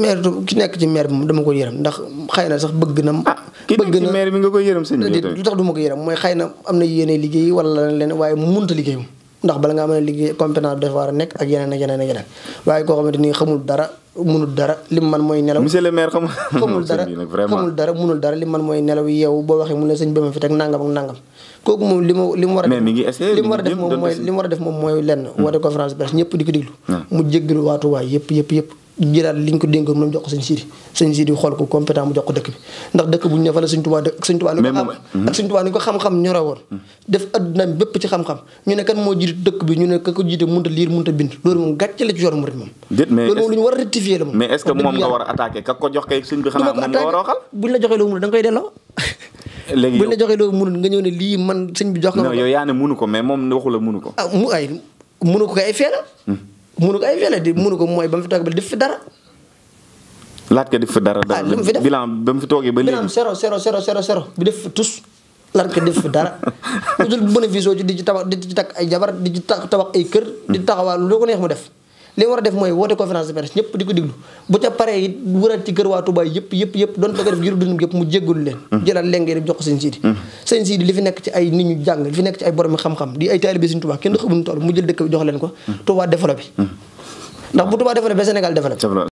maire ki nekk ci maire bi dama ko yërëm ndax xëy na sax bëgg na. ah ki nekk ci maire bi nga koy ma ko yërëm mooy xëy am na yéene liggéey wala leneen waaye mënut a liggéeyam ndax bala nga am ne liggéey compétence bi dafa war a nekk ak yeneen ak yeneen ak yeneen waaye li mu man mooy nelaw monsieur boo waxee mu kooku moom li mu war a li mu war a def moom mooy li mu war lenn hmm. woote conférence presse ñëpp di ko déglu hmm. mu jéggalu waatuwaay yëpp yëpp yëpp jëlaat liñ ko dénkoon moom jox ko sëñ Sidi sëñ xool ko compétent mu jox ko dëkk bi ndax dëkk bu ñu ne fa la sëñ Tuubaa xam ak sëñ Tuubaa ni ko xam-xam ñora woon hmm. def adduna bépp ci xam-xam ñu ne kan moo jiite dëkk bi ñu ne ka ko jiite mënta liir mënta bind loolu moom gàcce la ci yoon murit moom loolu moom lu ñu war a rectifier la moom mais est moom nga war a attaquer ka ko jox kay sëñ bi xanaa moom nga war a waxal buñ la la joxee loo mënul nga ñëw ne lii man sëñ bi jox na yow yaa ne ko mais moom waxu munu ko ay fele di munu ko mooy ba mu fi toog ba def fi dara. laat ka def fi dara. ah li mu fi def bilan ba mu fi toogee ba léegi. bilan sero zéro sero sero bu def fi tus. laat ka def fi dara. lu dul bénéfice ci di ci tabax di ci takk ay jabar di ci tabax ay kër. di taxawaa lu ko neex mu def. li war a def mooy woote conférence de presse ñëpp di ko diglu bu ca paree it wëraat ci kër waa Touba yëpp yëpp yëpp doon da ko def juru dund yëpp mu jéggalu leen mm. jëlaat lenge dem jox ko sëñ Sidi mm. sëñ Sidi li fi nekk ci ay nit ñu jàng li fi nekk ci ay borom xam-xam di ay taalibe sëñ Touba kenn xamul toll mu jël dëkk bi jox leen ko mm. Touba développé ndax bu Touba développé Sénégal développé